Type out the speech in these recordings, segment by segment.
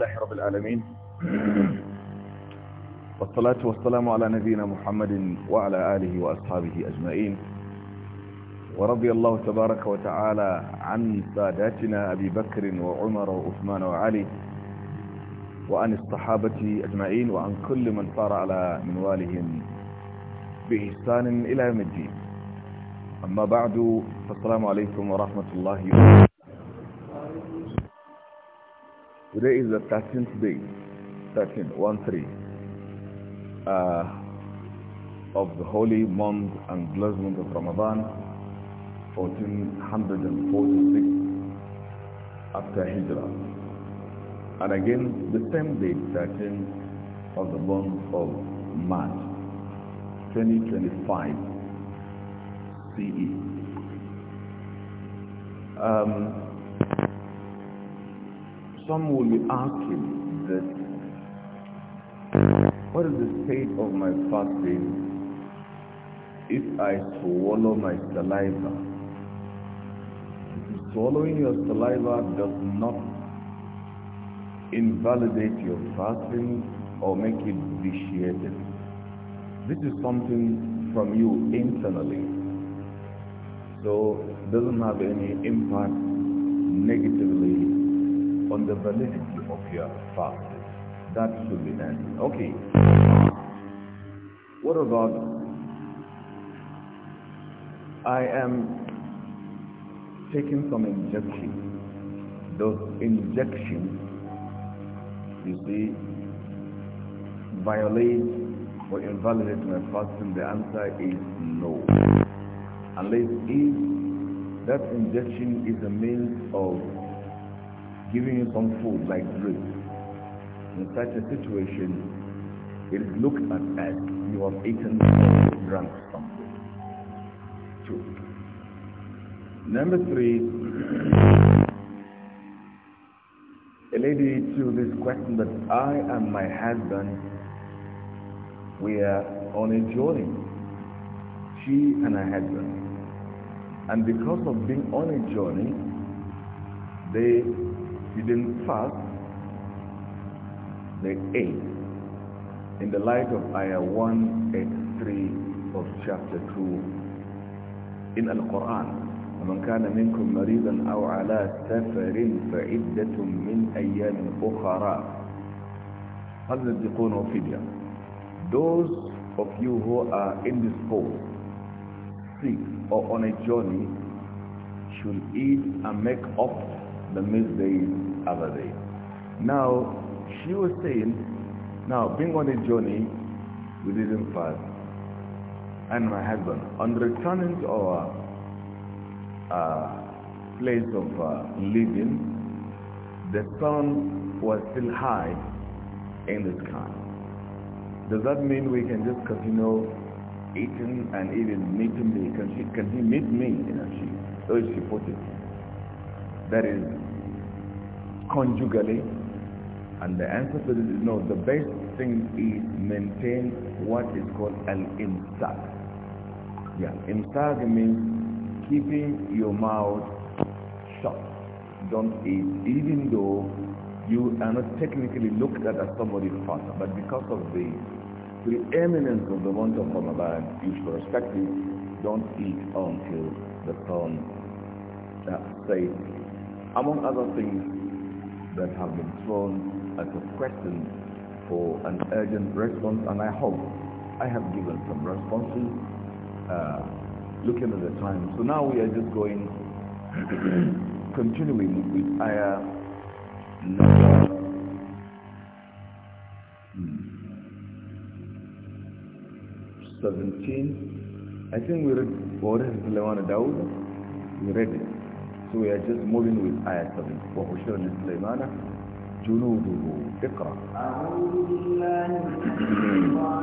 لله رب العالمين والصلاة والسلام على نبينا محمد وعلى آله وأصحابه أجمعين ورضي الله تبارك وتعالى عن ساداتنا أبي بكر وعمر وعثمان وعلي وعن الصحابة أجمعين وعن كل من صار على منوالهم بإحسان إلى يوم الدين أما بعد فالسلام عليكم ورحمة الله وبركاته Today is the 13th day, 13, 1, 3, uh, of the holy month and blessed month of Ramadan, 1446 after Hijrah. And again, the same day, 13th of the month of March, 2025 CE. Um, some will be asking that, what is the state of my fasting if I swallow my saliva? Swallowing your saliva does not invalidate your fasting or make it vitiated. This is something from you internally. So doesn't have any impact negatively on the validity of your fast. That should be done. Okay. What about I am taking some injection. Those injections, you see, violate or invalidate my fasting? The answer is no. Unless if that injection is a means of giving you some food like bread. In such a situation, it is looked at as you have eaten or drunk something. Two. Number three, a lady to this question that I and my husband, we are on a journey. She and her husband. And because of being on a journey, they didn't fast, they ate. In the light of Ayah 183 of chapter 2 in Al-Quran, ومن كان منكم مريضا أو على سفر فعدة من أيام أخرى هذا يكون فدية Those of you who are indisposed, sick or on a journey should eat and make up the meals they other day. Now, she was saying, now being on a journey, we didn't fast. And my husband, on returning to our uh, place of uh, living, the sun was still high in the sky. Does that mean we can just continue eating and even meeting me? Can she, can he meet me? You know, she, so she put it. That is conjugally? And the answer to this is no. The best thing is maintain what is called al-imsak. Yeah, imsak means keeping your mouth shut. Don't eat, even though you are not technically looked at as somebody father, but because of the preeminence of the month of Ramadan, you should respect it. Don't eat until the sun uh, says. Among other things, that have been thrown as a question for an urgent response and I hope I have given some responses uh, looking at the time. So now we are just going continuing with ayah number hmm, 17 I think we read Boris Lewana Dawood we read it so we are just moving with ayat 7 wa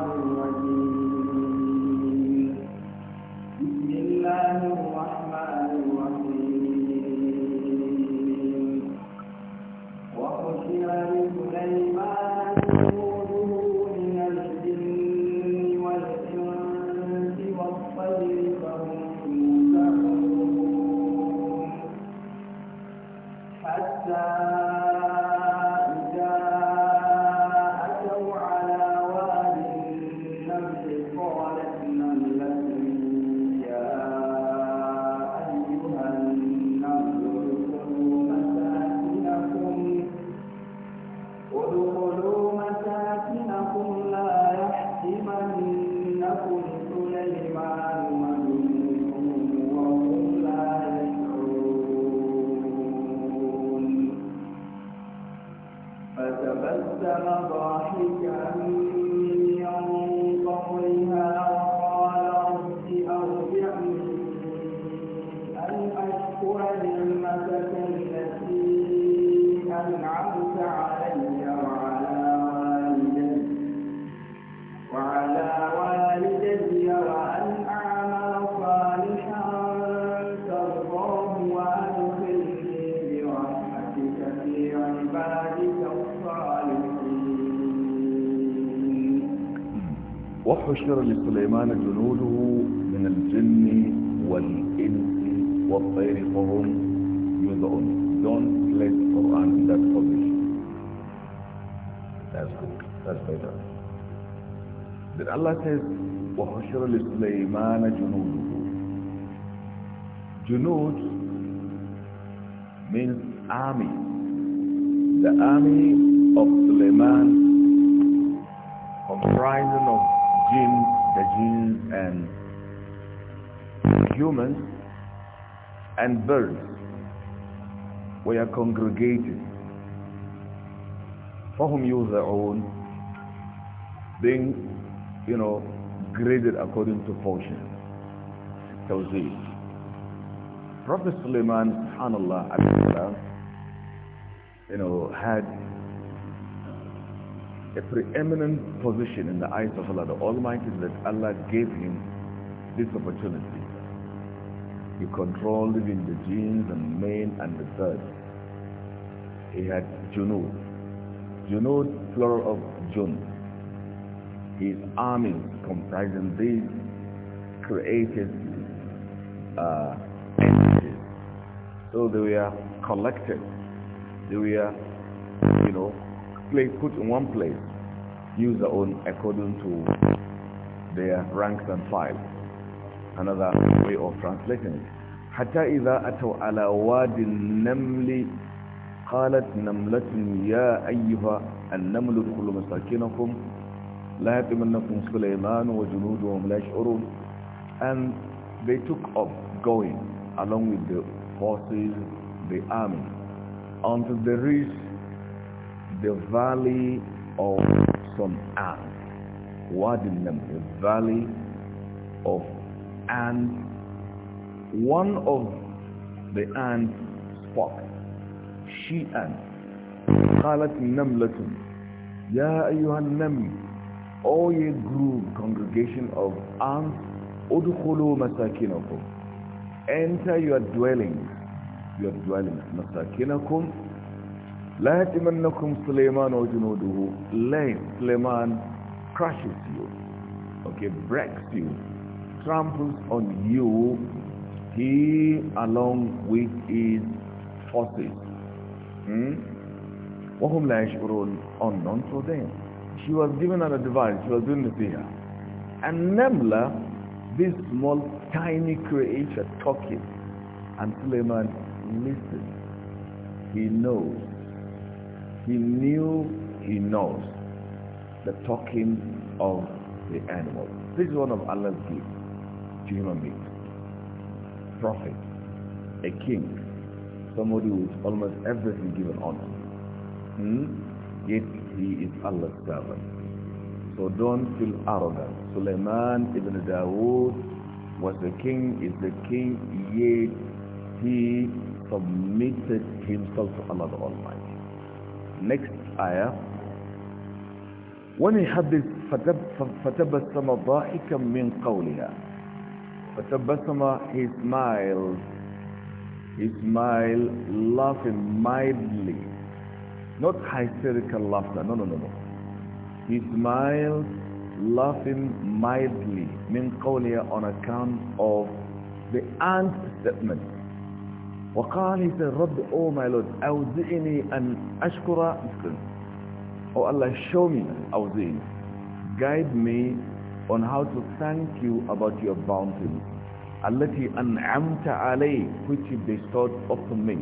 وحشر لسليمان جنوده من الجن والإنس والطير فهم يدعون don't place Quran in that position that's good that's better then Allah says وحشر لسليمان جنوده جنود means army the army of Suleiman comprising of Jinn, the jinns and humans and birds were congregated. their own, being, you know, graded according to So, Tawzeed. Prophet Suleiman, subhanAllah, you know, had a preeminent position in the eyes of Allah the Almighty that Allah gave him this opportunity. He controlled even the jinn and men and the birds. He had Junud. Junud, plural of Jun. His army comprising these created uh, entities. So they were collected. They were, you know, place, put in one place, use their own according to their ranks and files. Another way of translating it. حتى إذا أتوا على واد النمل قالت نملة يا أيها النمل كل مساكنكم لا يتمنكم سليمان وجنودهم لا يشعرون and they took up going along with the forces, the army until they reached the valley of some ants. Wadi name? the valley of ants. One of the ants spoke. She ant. قالت نملة يا أيها النمل O ye group congregation of ants ادخلوا مساكنكم Enter your dwellings your dwellings مساكنكم لا يتمنكم سليمان وجنوده lame Suleiman crushes you okay breaks you tramples on you he along with his forces hmm? وهم لا يشعرون unknown oh, for them she was given an advice she was doing the fear and Nemla, this small tiny creature talking and Suleiman listens. he knows he knew he knows the talking of the animal this is one of Allah's gifts to human beings prophet a king somebody with almost everything given on him hmm? yet he is Allah's servant so don't feel arrogant Sulaiman ibn Dawood was the king is the king yet he submitted himself to Allah the Almighty next ayah when he had this فَتَبَسَّمَ ضَاحِكًا مِّن قَوْلِهَا فَتَبَسَّمَ he smiled he smiled laughing mildly not hysterical laughter no no no no he smiled laughing mildly من قولها on account of the aunt's statement وقال he said رب oh my lord أوزعني أن أشكر oh Allah show me أوزعني guide me on how to thank you about your bounty التي أنعمت علي which you bestowed upon me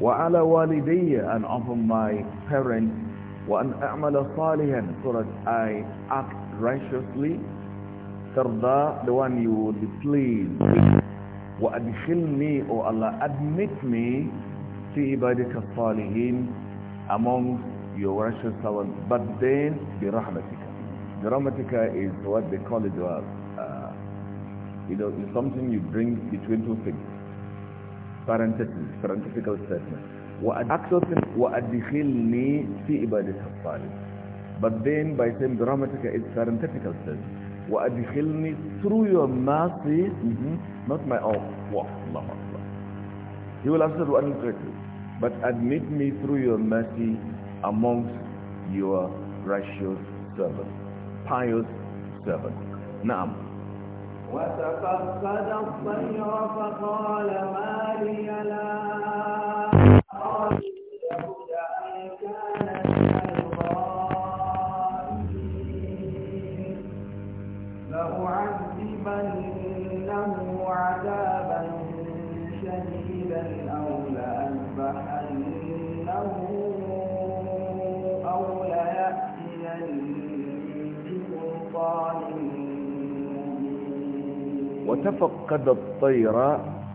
وعلى والدي and upon my parents وأن أعمل صالحا so that I act righteously ترضى the one you will be pleased with وَأَدْخِلْنِي أو الله admit me في عبادك الصالحين among your righteous servants, but then برحمتك. برحمتك is what they call it, uh, uh, you know, it's something you bring between two things. Parenthetical, parenthetical statement. وَأَدْخِلْنِي في عبادك الصالحين. But then by saying برحمتك is parenthetical statement. وأدخلني through your mercy, mm -hmm. not my own. Wow, Allah, Allah. He will answer one correctly. But admit me through your mercy amongst your righteous servants, pious servants. Now. وتفقد الطير فقال ما لي لا أرى لأذيقنه عذابا شديدا أو لأذبحنه أو ليأتيني بسلطان وتفقد الطير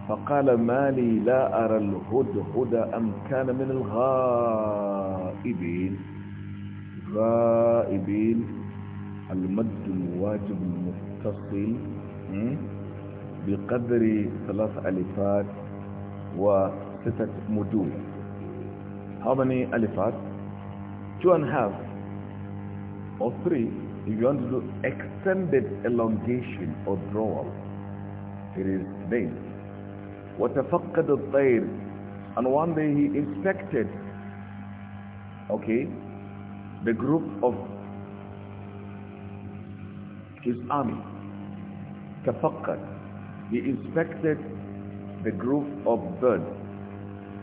فقال مالي لا أرى الهدهد أم كان من الغائبين غائبين المد الواجب المتصل بقدر ثلاث ألفات وستة مدول how many alifat two and a half or three if you want to do extended elongation or drawal it is vain وتفقد الطير and one day he inspected okay the group of his army he inspected the group of birds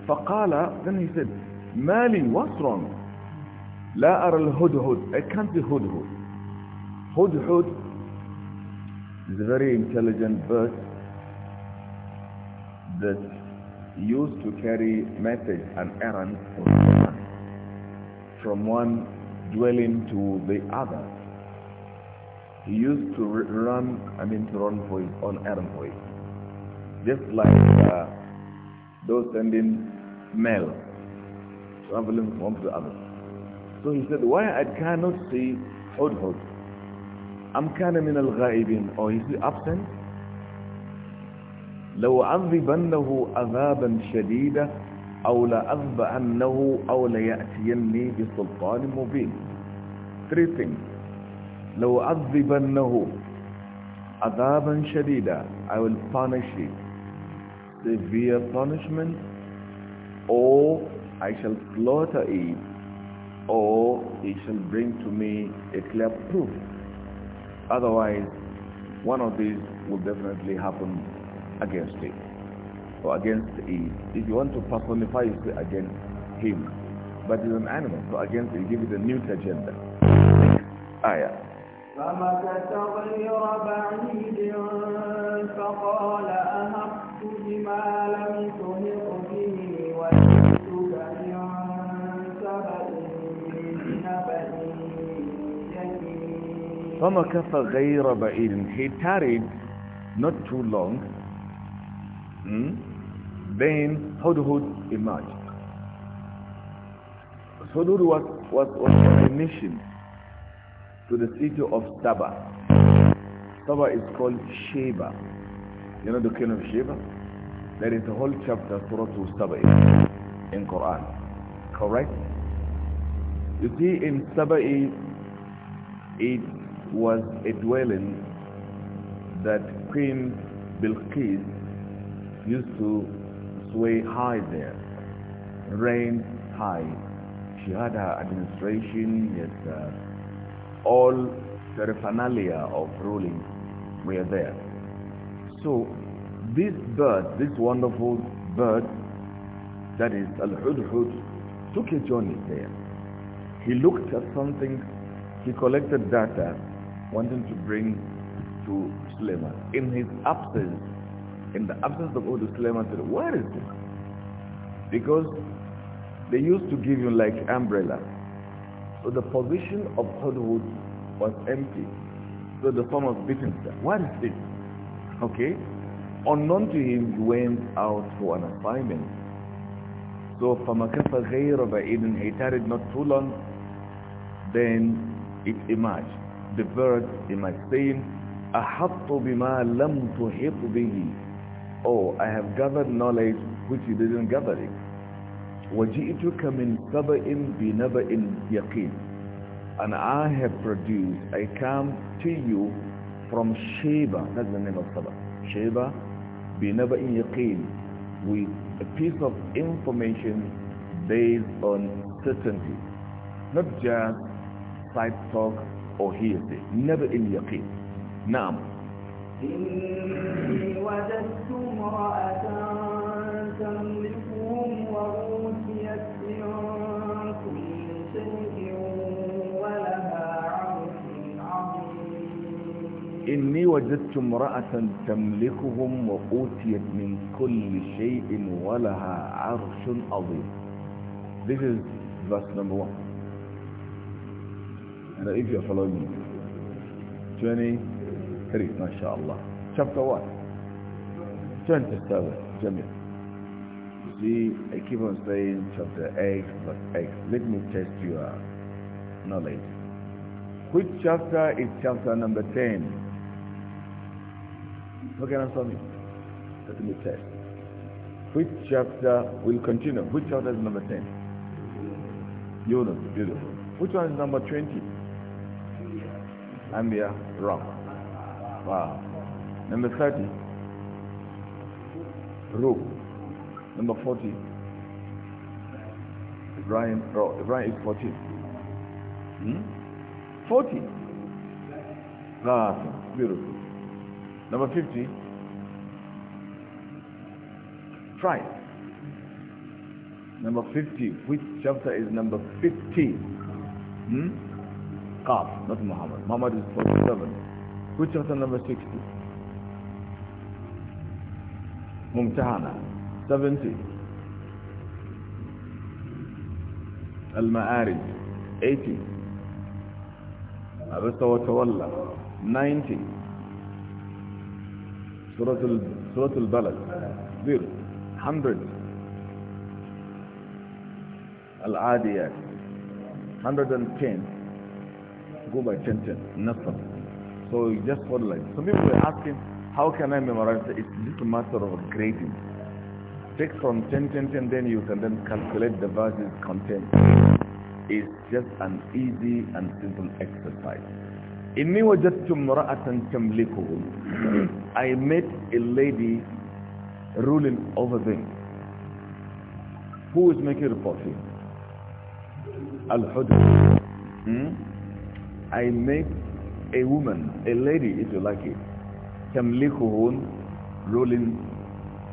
فقال then he said مالي what's wrong لا أرى الهدهد I can't see hudhud hudhud is a very intelligent bird that used to carry message and errands from one dwelling to the other he used to run, I mean to run for his own errand for it. Just like uh, those sending mail, traveling from one to the other. So he said, why I cannot see Hudhud? of in al الغائبين or is he absent لو عذبنه عذابا شديدا أو عنه أو يأتيني بسلطان مبين three things لو عذبنه عذابا شديدا I will punish him severe punishment or I shall slaughter it or he shall bring to me a clear proof otherwise one of these will definitely happen against it or against it if you want to personify it against him but it's an animal so against it give it a neuter gender ayah فمكث غير بعيد فقال أهقت بما لم تهق به وجئتك من سبأ نبأ فمكث غير بعيد he tarried not too long hmm? then Hudhud emerged Hudhud was, was, was a mission to the city of Saba. Saba is called Sheba. You know the king of Sheba? There is a whole chapter, Surah to Saba in Quran. Correct? You see, in Saba, it was a dwelling that Queen Bilqis used to sway high there, reign high. She had her administration, yes, uh, all paraphernalia of ruling were there. So this bird, this wonderful bird, that is Al-Hudhud, took a journey there. He looked at something, he collected data, wanting to bring to Suleiman. In his absence, in the absence of Udu, Suleiman said, where is it? Because they used to give you like umbrella so the position of Hudhud was empty. So the son was beaten. What is this? Okay. Unknown to him, he went out for an assignment. So فَمَكَفَ غَيْرَ بَعِيدٍ He tarried not too long. Then it emerged. The bird emerged saying, أَحَطُ بِمَا لَمْ تُحِطُ بِهِ Oh, I have gathered knowledge which he didn't gather it. وَجِئْتُكَ مِنْ سَبَئٍ بِنَبَئٍ يَقِينٍ And I have produced, I come to you from Sheba, that's the name of Saba, Sheba بِنَبَئٍ يَقِينٍ with a piece of information based on certainty, not just side talk or hearsay, never in yaqeen. نعم. إني وجدت تملكهم وأوتيت من كل شيء ولها عرش عظيم إني وجدت امرأة تملكهم وأوتيت من كل شيء ولها عرش عظيم This is verse number one. Now if you're following me, 23, mashallah. Chapter 1, 27, Jamil. see, I keep on saying chapter 8, verse 8. Let me test your knowledge. Which chapter is chapter number 10? Look answer me. Let me test. Which chapter will continue? Which chapter is number 10? Yunus, beautiful. Which one is number 20? here wrong. Wow. Number 30? Ruh. Number 40. Ibrahim, oh, is 40. Hmm? 40. Ah, beautiful. Number 50. Try. Number 50. Which chapter is number 50? Hmm? not Muhammad. Muhammad is 47. Which chapter number 60? Mumtahana. 70 Al-Ma'arij 80 Arista wa 90 Surat Al-Balad 0 100 Al-Adiyat 110 go by 10 10 nothing so you just follow like some people are asking how can I memorize it it's just a matter of grading take from 10, 10, 10, then you can then calculate the verse's content. It's just an easy and simple exercise. إِنِّي وَجَدْتُ مْرَأَةً تَمْلِكُهُمْ I met a lady ruling over them. Who is making report here? Al-Hudud. Hmm? I met a woman, a lady if you like it, تَمْلِكُهُمْ ruling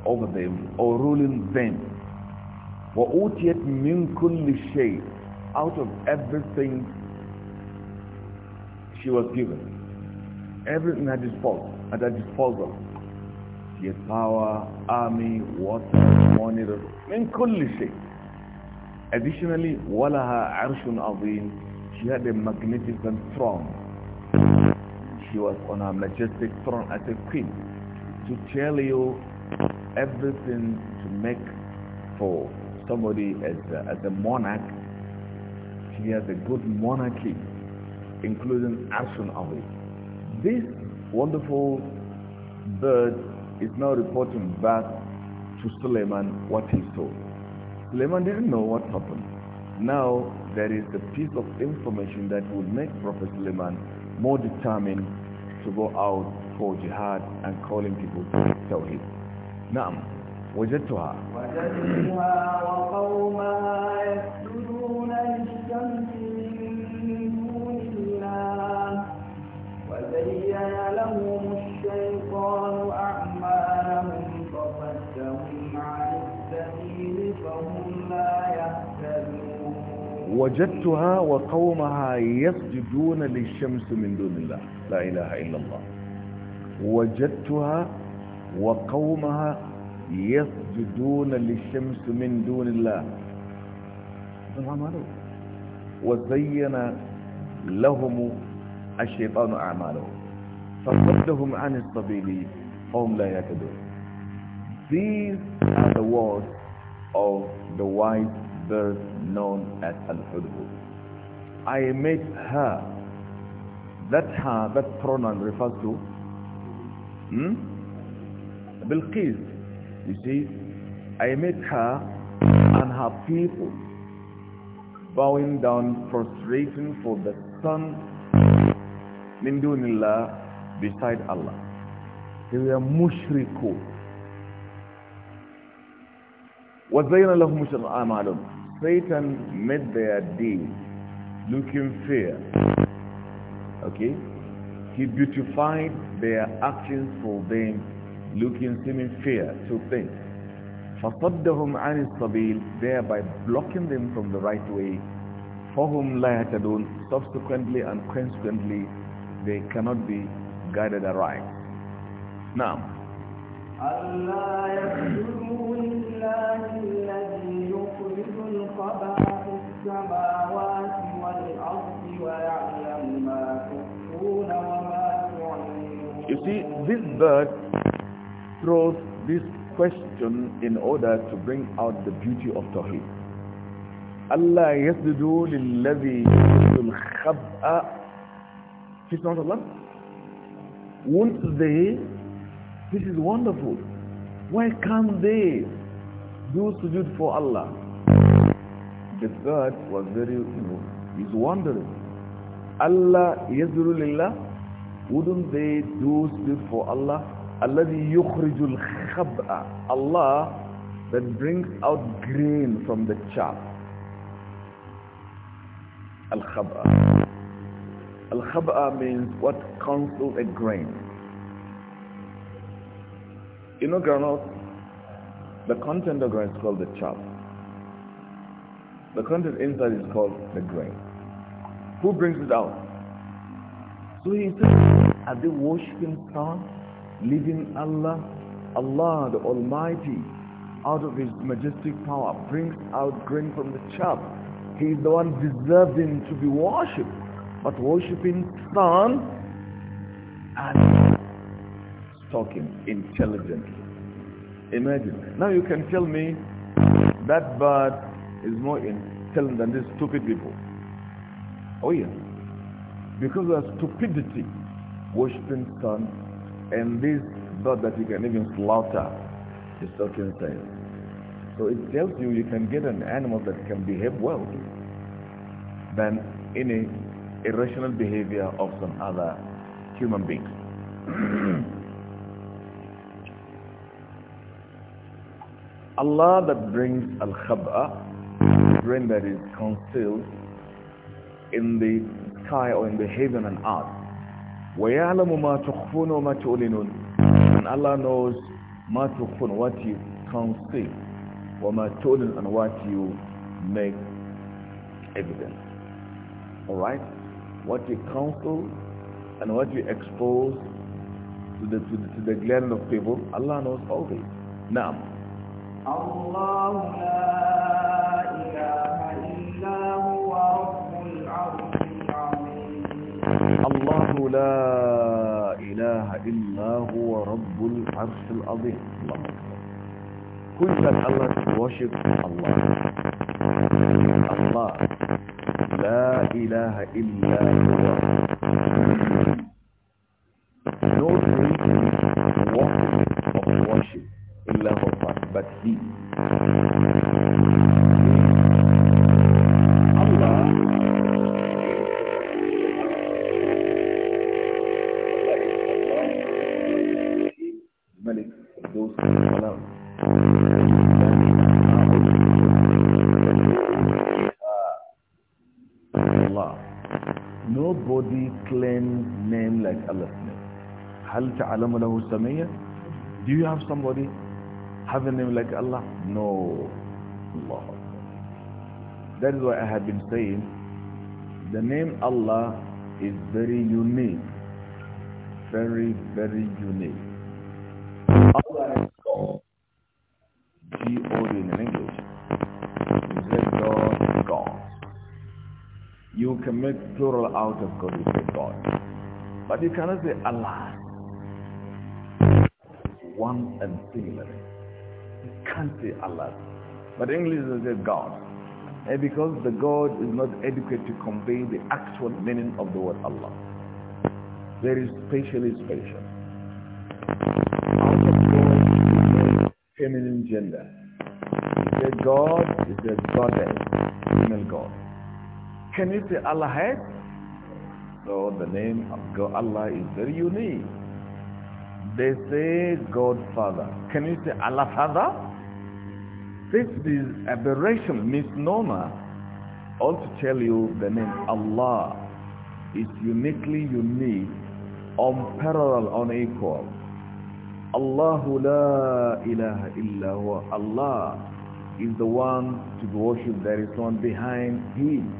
over them or ruling them. وَأُوتِيَتْ مِنْ كُلِّ شَيْءٍ Out of everything she was given. Everything at, disposal, at her disposal. She had power, army, water, money, مِنْ كُلِّ شَيْءٍ Additionally, وَلَهَا عَرْشٌ عَظِيمٌ She had a magnificent throne. She was on a majestic throne as a queen. To tell you everything to make for somebody as a, as a monarch. He has a good monarchy, including action of it. This wonderful bird is now reporting back to Suleiman what he saw. Suleiman didn't know what happened. Now there is a piece of information that will make Prophet Suleiman more determined to go out for jihad and calling people to tell him. نعم وجدتها وجدتها وقومها يسجدون للشمس من دون الله وزين لهم الشيطان أعمالهم فصدهم عن السبيل فهم لا يهتدون وجدتها وقومها يسجدون للشمس من دون الله لا إله إلا الله وجدتها وقومها يسجدون للشمس من دون الله وزين لهم الشيطان أعمالهم فصدهم عن السبيل فهم لا يهتدون These are the words of the white bird known as Al-Hudhud. I made her. That her, that pronoun refers to hmm? Bilqis, you see, I met her and her people bowing down, prostrating for the son min dunillah beside Allah. They were mushrikun. وَزَيْنَ لَهُمُ شَرْعَامَ Satan made their day looking fair. Okay? He beautified their actions for them looking seeming fear to things. فَصَدَّهُمْ عَنِ السَّبِيلِ thereby blocking them from the right way فَهُمْ لَا يَهْتَدُونَ subsequently and consequently they cannot be guided aright. Now أَلَّا الَّذِي يُخْرِجُ فِي السَّمَاوَاتِ وَالْأَرْضِ وَيَعْلَمُ مَا تُخْفُونَ وَمَا You see, this bird throws this question in order to bring out the beauty of Tawheed. Allah the lillazi yasjudul khab'a. He's not Allah. Won't they? This is wonderful. Why can't they do sujood for Allah? The God was very, you know, he's wondering. Allah yasjudu lillah. Wouldn't they do sujood for Allah? Allah that brings out grain from the chaff Al al khaba means what counsels a grain you know groundnut the content of grain is called the chaff the content inside is called the grain who brings it out so he says are they worshipping plants? leaving Allah, Allah the Almighty, out of His majestic power, brings out grain from the chaff. He is the one deserving to be worshipped. But worshipping sun and talking intelligently. Imagine. Now you can tell me that bird is more intelligent than these stupid people. Oh yeah. Because of stupidity, worshipping sun and this bird that you can even slaughter is stuck inside. So it tells you you can get an animal that can behave well than any irrational behavior of some other human being. Allah that brings al-khab'a, rain that is concealed in the sky or in the heaven and earth, وَيَعْلَمُ مَا تُخْفُونَ وَمَا تُعْلِنُونَ And Allah knows مَا تُخْفُونَ what you conceal وَمَا تُعْلِنُ and what you make evident. Alright? What you counsel and what you expose to the, to the, to the glaring of people, Allah knows all this. Now. Allah الله لا إله إلا هو رب العرش العظيم الله كل that الله worship الله الله لا إله إلا هو ta'lamu lahu samiyya? Do you have somebody have a name like Allah? No. Allah. That is why I have been saying the name Allah is very unique. Very, very unique. Allah is God. G-O-D in English. Is that God? God. You can make plural out of God, you say God. But you cannot say Allah one and similar. You can't say Allah. But English is a God. And eh, because the God is not adequate to convey the actual meaning of the word Allah. There is spatially spatial. God is a feminine gender. The God is a goddess, female God. Can you say Allah So the name of God, Allah is very unique. They say God Father. Can you say Allah Father? This is aberration, misnomer. Also tell you the name Allah is uniquely unique, unparalleled, unequal. Allahu la ilaha illa huwa. Allah is the one to be worshipped. There is one behind Him.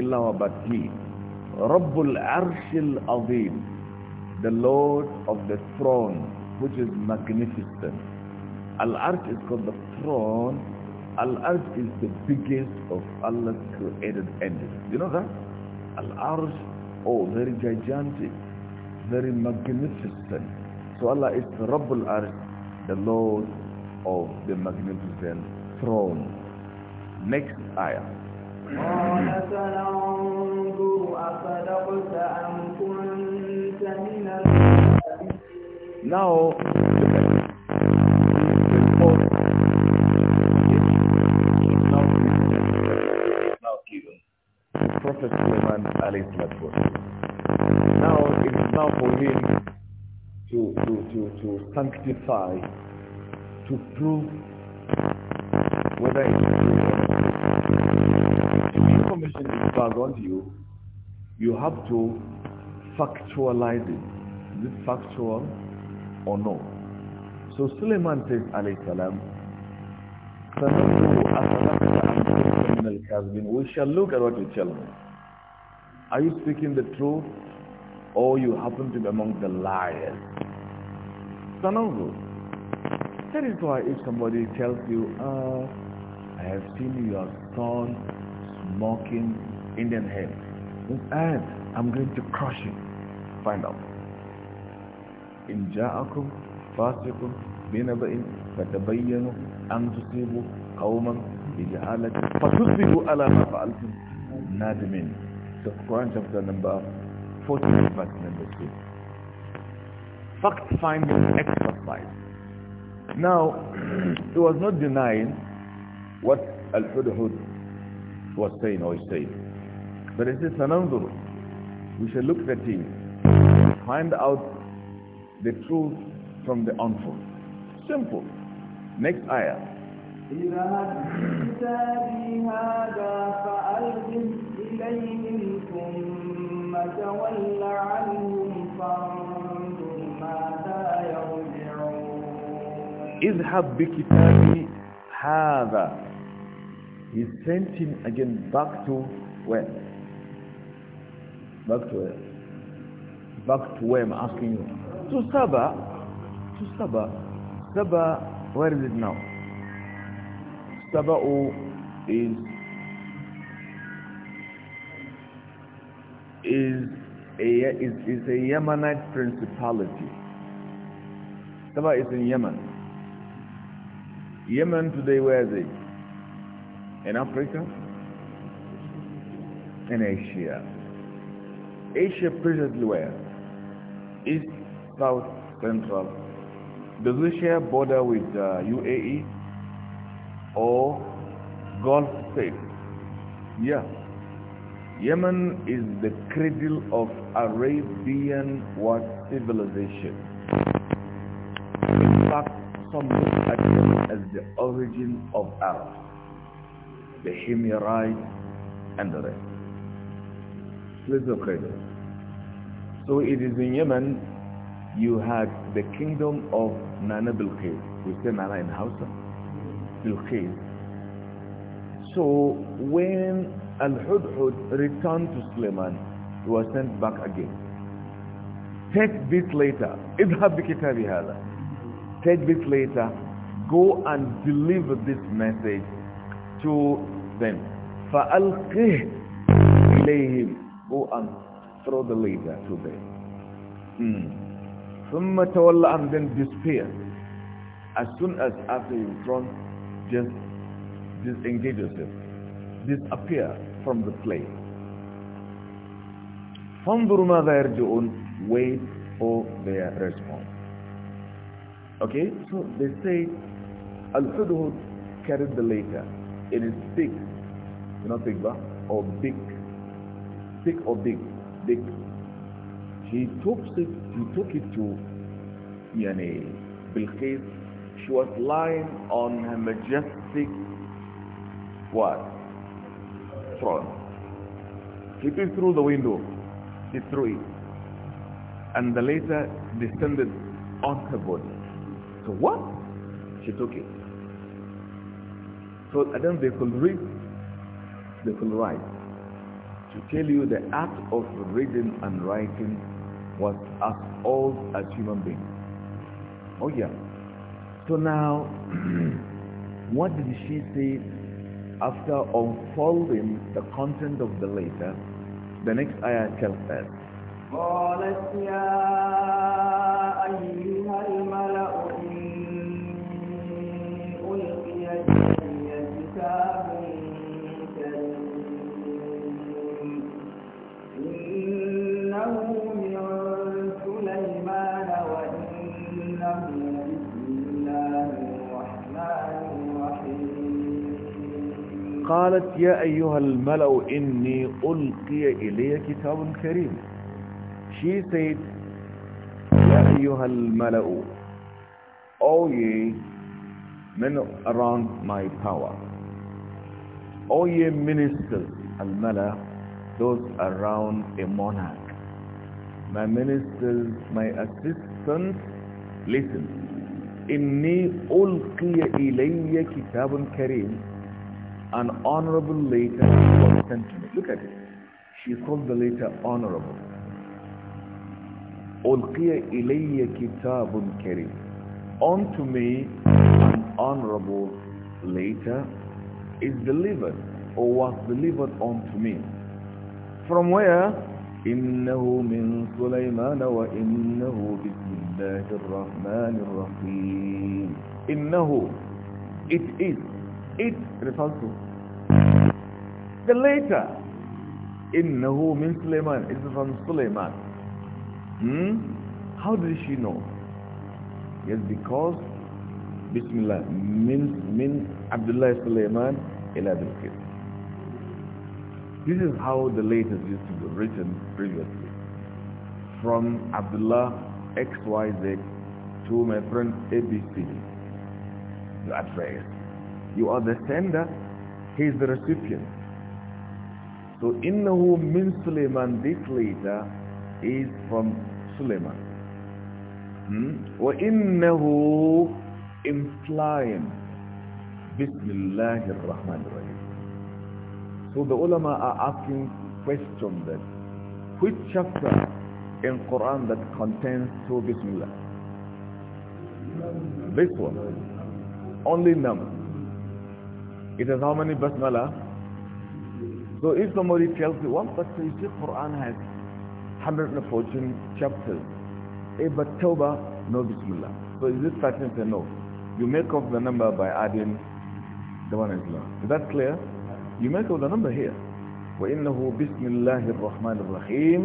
Illa but He. Rabbul Arshil Azim the Lord of the throne, which is magnificent. Al-Arsh is called the throne. Al-Arsh is the biggest of Allah's created entities. You know that? Al-Arsh, oh, very gigantic, very magnificent. So Allah is the Rabbul Arsh, the Lord of the magnificent throne. Next ayah. قال سننظر أصدقت أم كنت من Now, Prophet Sulaiman alayhi salatu Now it's now for him to, to, to, to sanctify, to prove whether it's pass to you, you have to factualize it. Is it factual or no? So Suleiman says, alayhi salam, we shall look at what you tell me. Are you speaking the truth or you happen to be among the liars? Son That is why if somebody tells you, uh, I have seen your son smoking Indian head. And I'm going to crush you. Find out. إن جاءكم فاسق بنبأ فتبينوا أن تصيبوا قوما بجهالة فتصبحوا على ما فعلتم نادمين. So Quran chapter number 14 verse number 2. Fact finding exercise. Now, it was not denying what Al-Hudhud was saying or is saying. But it says, Sanandur, we shall look at him, find out the truth from the untruth. Simple. Next ayah. إذا كتابي هذا فألهم إليهم ثم تول عنهم فانظر ماذا يرجعون اذهب بكتابي هذا He sent him again back to where? Back to where? Back to where I'm asking you. To Saba. To Saba. Saba, where is it now? Saba'u is is a is, is a Yemenite principality. Saba is in Yemen. Yemen today where is it? In Africa? In Asia. Asia presently where? East, South, Central. Does it share border with uh, UAE or Gulf states? Yeah. Yemen is the cradle of Arabian what civilization. In fact, some look at as the origin of Arabs, the Himyarites and the rest. So it is in Yemen you had the kingdom of Nana Bilqis. We say Nana in Hausa. Bilqis. So when Al-Hudhud returned to Suleiman, he was sent back again. Take this later. Idhab bikitabi hala. Take this later. Go and deliver this message to them. فَأَلْقِهِ إِلَيْهِمْ go and throw the leader to them. Hmm. ثم تولى and then disappear. As soon as after you've drawn, just disengage yourself. Disappear from the place. فانظر ماذا يرجعون wait for their response. Okay, so they say Al-Hudhud carried the letter in his stick, you know, big or big thick or big? Big. He took it, he took it to yani, Bilqis. She was lying on her majestic what? Throne. He it through the window. He threw it. And the laser descended on her body. So what? She took it. So then they could read, they could write to tell you the art of reading and writing was as old as human beings. Oh yeah. So now, what did she say after unfolding the content of the letter? The next ayah tells us. قالت يا أيها الملأ إني ألقي إلي كتاب كريم She said يا أيها الملأ O ye men around my power O ye ministers الملأ those around a monarch my ministers my assistants listen إني ألقي إلي كتاب كريم An honorable letter was sent to me. Look at it. She called the letter honorable. ألقي إلي كتاب كريم Unto me an honorable letter is delivered or was delivered unto me. From where? إنه من سليمان وإنه بسم الله الرحمن الرحيم إنه It is it refers to the later innahu min Suleiman is from Suleiman hmm? how did she know yes because Bismillah min, min Abdullah Suleiman ila Bilqis this is how the letters used to be written previously from Abdullah XYZ to my friend A B C the address you are the sender, he is the recipient. So innahu min Suleiman, this letter is from Suleiman. Hmm? وَإِنَّهُ implying Bismillah ar rahim So the ulama are asking question that which chapter in Quran that contains two Bismillah? This one. Only number. It has how many basmala? So if somebody tells you, one but the Quran has 114 chapters. Eh, but Tawbah, no Bismillah. So is this starting to no? You make up the number by adding the one is long. Is that clear? You make up the number here. وَإِنَّهُ بِسْمِ اللَّهِ الرَّحْمَنِ الرَّحِيمِ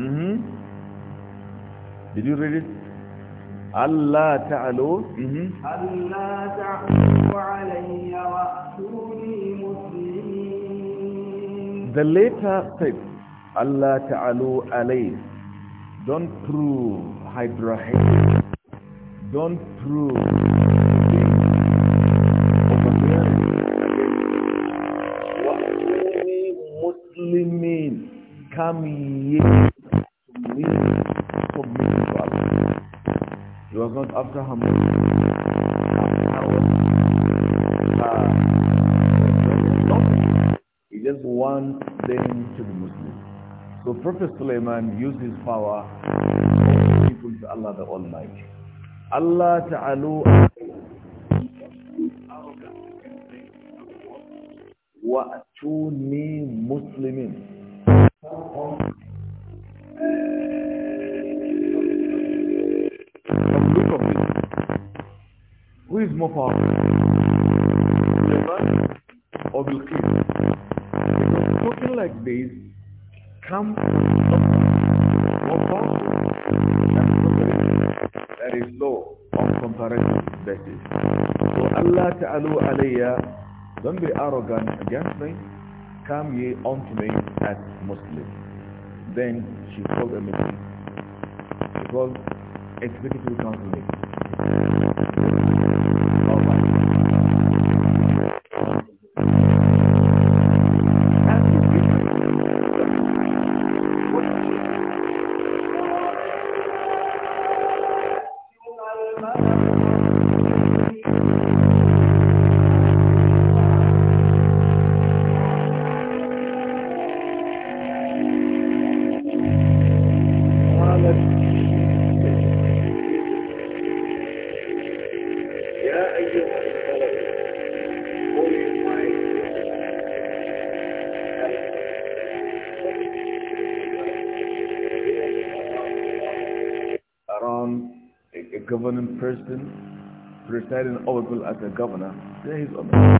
mm -hmm. Did you read it? أَلَّا تَعْلُوا mm-hmm. أَلَّا تَعْلُوا عَلَيَّ the later said, Allah ta'alu alayh. Don't prove hydrahate. Don't prove Muslimin. Come want them to be Muslims. So Prophet Sulaiman used his power to people to Allah the Almighty. Allah Ta'ala وَأَتُونِي مُسْلِمِينَ Who is more powerful? of this come that is low on comparative basis. So Allah ta'alu alayya, don't be arrogant against me, come ye unto me as Muslim. Then she called a meeting. She called executive council meeting. governing person, presiding over as a governor, there is honor.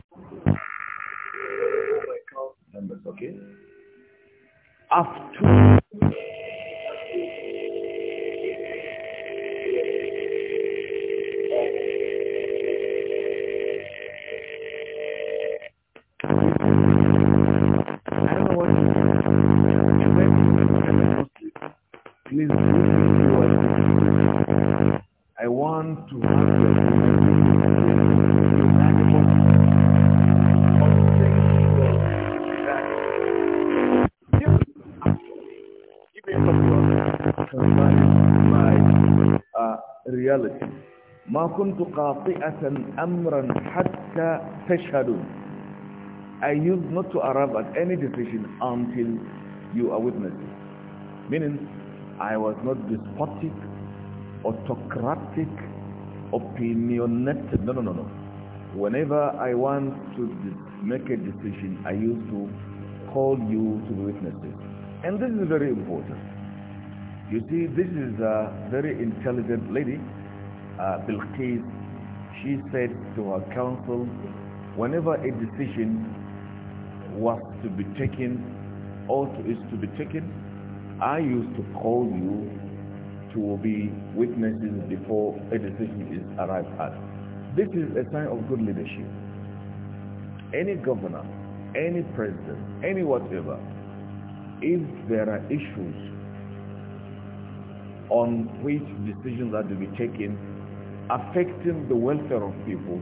كنت قاطئة أمرا حتى I used not to arrive at any decision until you are witnesses meaning I was not despotic autocratic opinionated no no no no whenever I want to make a decision I used to call you to be witnesses and this is very important you see this is a very intelligent lady uh, Bilqis, she said to her council, whenever a decision was to be taken or to, is to be taken, I used to call you to be witnesses before a decision is arrived at. This is a sign of good leadership. Any governor, any president, any whatever, if there are issues on which decisions are to be taken affecting the welfare of people,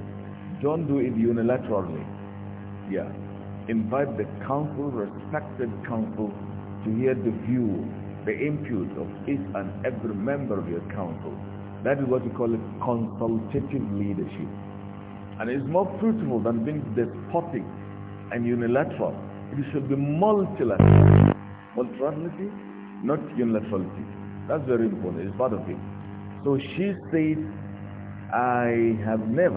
don't do it unilaterally. Yeah. Invite the council, respected council, to hear the view, the input of each and every member of your council. That is what we call it consultative leadership. And it's more fruitful than being despotic and unilateral. It should be multilateral. Multilaterality, not unilaterality. That's very important. It's part of it. So she said I have never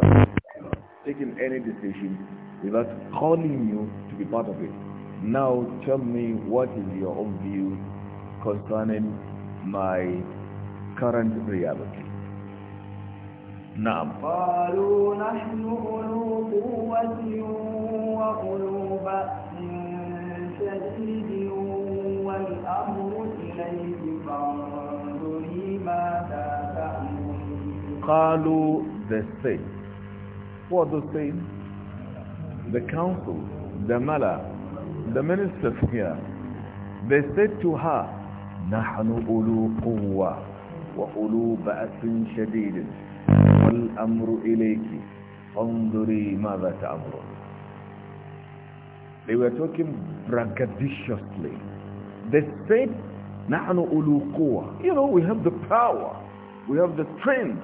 taken any decision without calling you to be part of it. Now tell me what is your own view concerning my current reality. نعم قالوا نحن أولو قوة وأولو بأس شديد والأمر فانظري ماذا Qalu, the say. What do they say? The council, the mala, the ministers here. They said to her, نحن أولو قوة وأولو بأس شديد والأمر إليك انظري ماذا تأمر They were talking braggadociously. They said, نحن أولو قوة. You know, we have the power. We have the strength.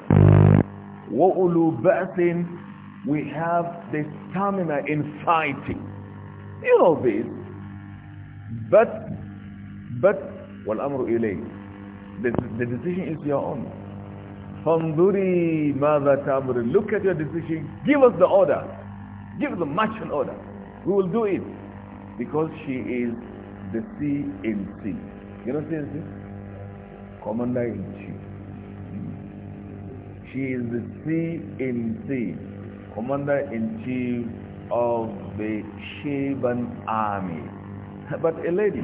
وَأُولُو بَأْسٍ We have the stamina in fighting. You know this. But, but, وَالْأَمْرُ إِلَيْهِ the, the decision is your own. فَانْظُرِي مَاذَا تَأْمُرِ Look at your decision. Give us the order. Give us the marching order. We will do it. Because she is the C in C. You know what I'm saying? Commander in Chief. She is the CNC, Commander-in-Chief of the Shaban Army. But a lady,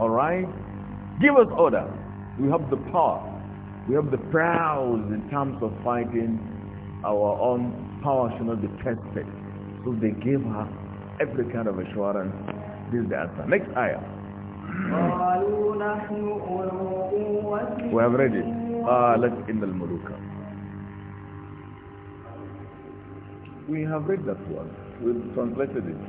all right? Give us order. We have the power. We have the prowess in terms of fighting our own power should not be tested. So they gave her every kind of assurance. This is the answer. Next ayah. we have read it. قالت إن الملوك We have read that word. We've translated it.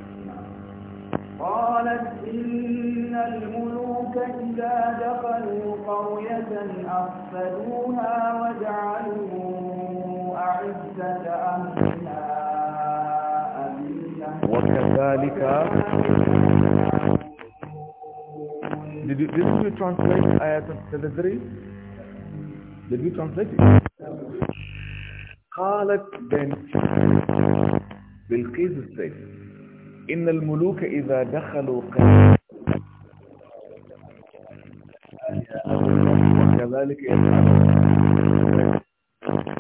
قالت إن الملوك إذا دخلوا قرية أفسدوها وجعلوا أعزة أهلها وكذلك Did you, did you translate ayat 33? Did you translate it? قالت بنت بالقيس said إن الملوك إذا دخلوا قلب وكذلك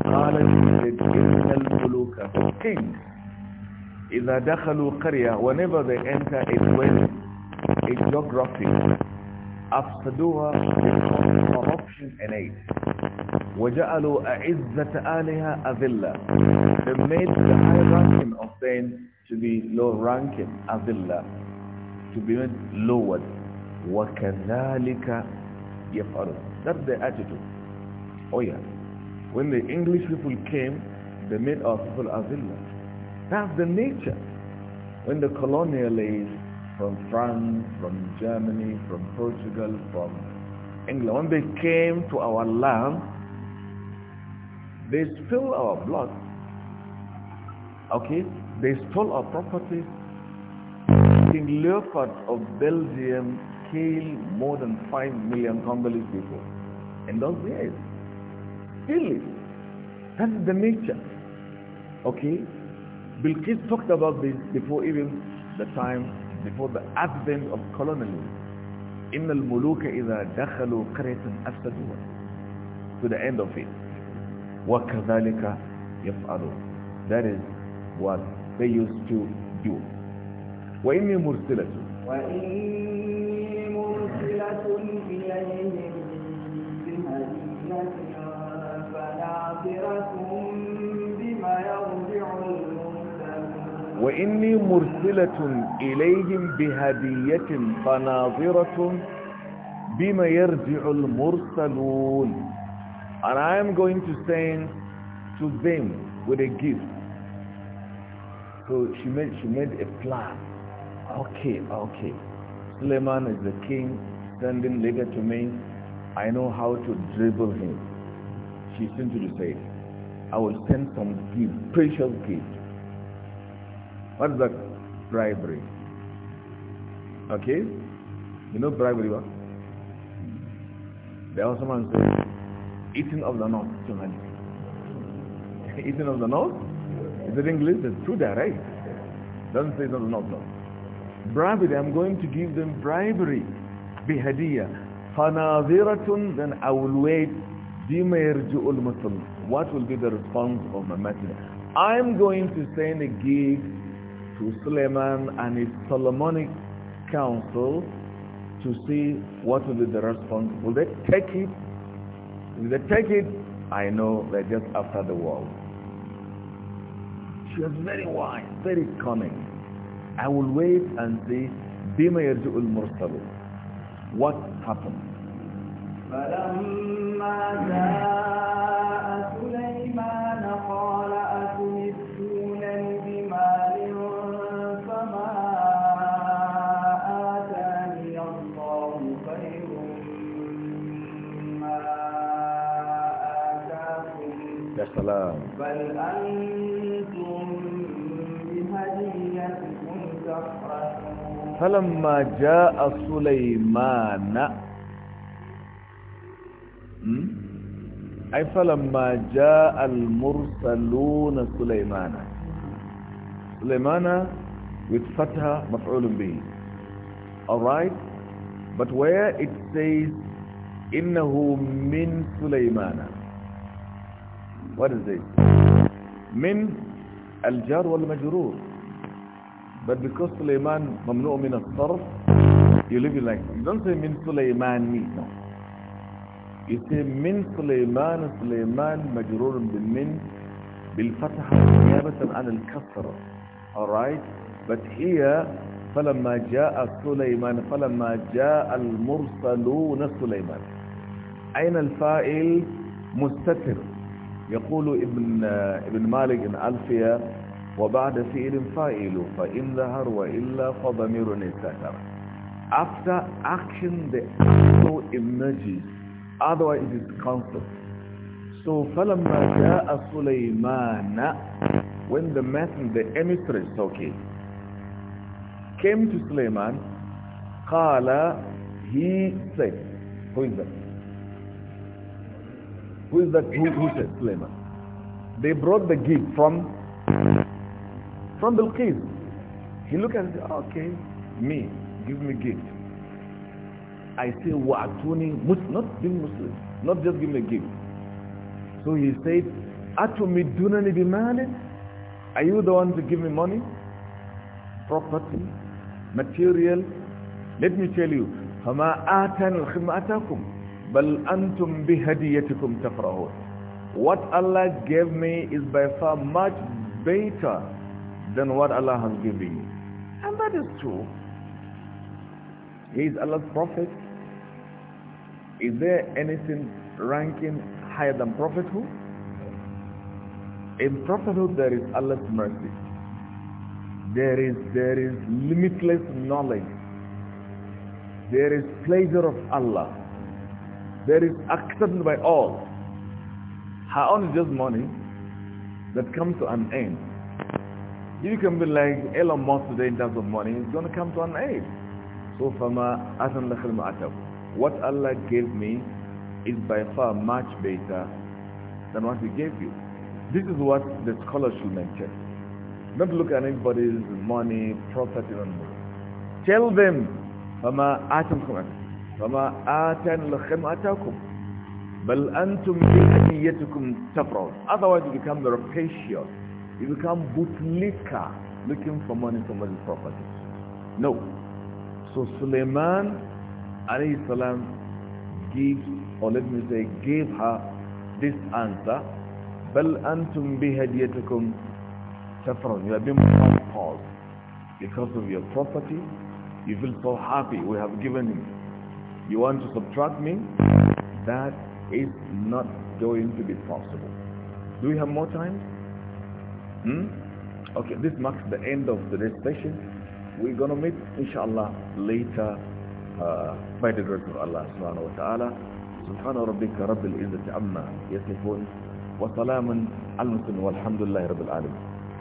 قالت said إن الملوك kings إذا دخلوا قرية whenever they enter a dwelling a geography after door corruption and aid وَجَعَلُوا أَعِزَّةَ آلِهَا أَذِلَّةً They made the high ranking of them to be low ranking, أَذِلَّةً To be made lowered. وَكَذَلِكَ يَفْعَلُونَ That's the attitude. Oh yeah. When the English people came, they made our people أَذِلَّةً That's the nature. When the colonialists from France, from Germany, from Portugal, from England, when they came to our land, they spill our blood. Okay? They stole our property. King Leopold of Belgium killed more than 5 million Congolese people in those years. Still, that's the nature. Okay? Bilqis talked about this before even the time, before the advent of colonialism. إِنَّ الْمُلُوكَ إِذَا دَخَلُوا قَرَيَةً أَفْسَدُوهَا To the end of it. وَكَذَلِكَ يَفْعَلُونَ That is what they used to do. وَإِنِّي مُرْسِلَةٌ وَإِنِّي مُرْسِلَةٌ إِلَيْهِمْ بهدية فَنَاظِرَةٌ بِمَا يَرْجِعُ الْمُرْسَلُونَ وَإِنِّي مُرْسِلَةٌ إِلَيْهِمْ بِهَدِيَّةٍ فَنَاظِرَةٌ بِمَا يَرْجِعُ الْمُرْسَلُونَ And I am going to send to them with a gift. So she made, she made a plan. Okay, okay. Suleiman is the king, standing letter to me. I know how to dribble him. She simply said, I will send some gift, precious gift. What is that? Bribery. Okay? You know bribery, what? The man said, eating of the nose tonight. eating of the nose? Is it English? It's true there, right? Doesn't say the nose, no. Bribery, I'm going to give them bribery. Bihadiyah. Fanaziratun, then I will wait. Bima yarju'ul muslim. What will be the response of my messenger? I'm going to send a gift to Suleiman and his Solomonic council to see what will be the response. Will they take it if they take it, I know they're just after the world. She was very wise, very cunning. I will wait and see بما يرجع المرسلون what happened فلما جاء سليمان قال السلام بل أنتم تفرحون فلما جاء سليمان أي فلما جاء المرسلون سليمان سليمان with fatha مفعول به alright but where it says إنه من سليمان what is من الجار والمجرور but because سليمان ممنوع من الصرف you leave it like you don't say من سليماني no you say من سليمان سليمان مجرور بالمن بالفتحة نيابة عن الكسر alright but here فلما جاء سليمان فلما جاء المرسلون سليمان أين الفائل مستتر يقول ابن, ابن مالك إن ألفية وبعد فعل فاعل فإن ظهر وإلا فضمير استتر after action the so emerges otherwise it is constant so فلما جاء سليمان when the messenger the emissaries okay came to سليمان قال he said who is that Who is that? Who, who said Suleiman? They brought the gift from from Bilqis. He looked and said, okay, me, give me gift. I say, wa'atuni, not being Muslim, not just give me a gift. So he said, dunani bimalin? Are you the one to give me money? Property? Material? Let me tell you, فَمَا آتَنُ الْخِمْ atakum. بل أنتم بهديتكم تفرحون What Allah gave me is by far much better than what Allah has given you. And that is true. He is Allah's prophet. Is there anything ranking higher than prophethood? In prophethood there is Allah's mercy. There is, there is limitless knowledge. There is pleasure of Allah. There is accepted by all. Her own is just money that comes to an end. You can be like Elon Musk today in terms of money, it's going to come to an end. So فَمَا أَثَنْ لَخِلْ مَأَتَبُ What Allah gave me is by far much better than what He gave you. This is what the scholar should do Not look at anybody's money, property, and more. Tell them فَمَا أَثَنْ لَخِلْ فما آتان لكم آتاكم بل أنتم بأديتكم تفرون otherwise you become rapacious you become bootlicker looking for money from other properties no so Suleiman alayhi salam gives or let me say gave her this answer بل أنتم بهديتكم تفرون you have been called because of your property you feel so happy we have given him you want to subtract me that is not going to be possible do we have more time hmm? okay this marks the end of today's session we're going to meet inshallah later uh, by the grace of Allah subhanahu wa ta'ala سبحان ربك رب العزة عما يصفون وسلاما على المسلم والحمد لله رب العالمين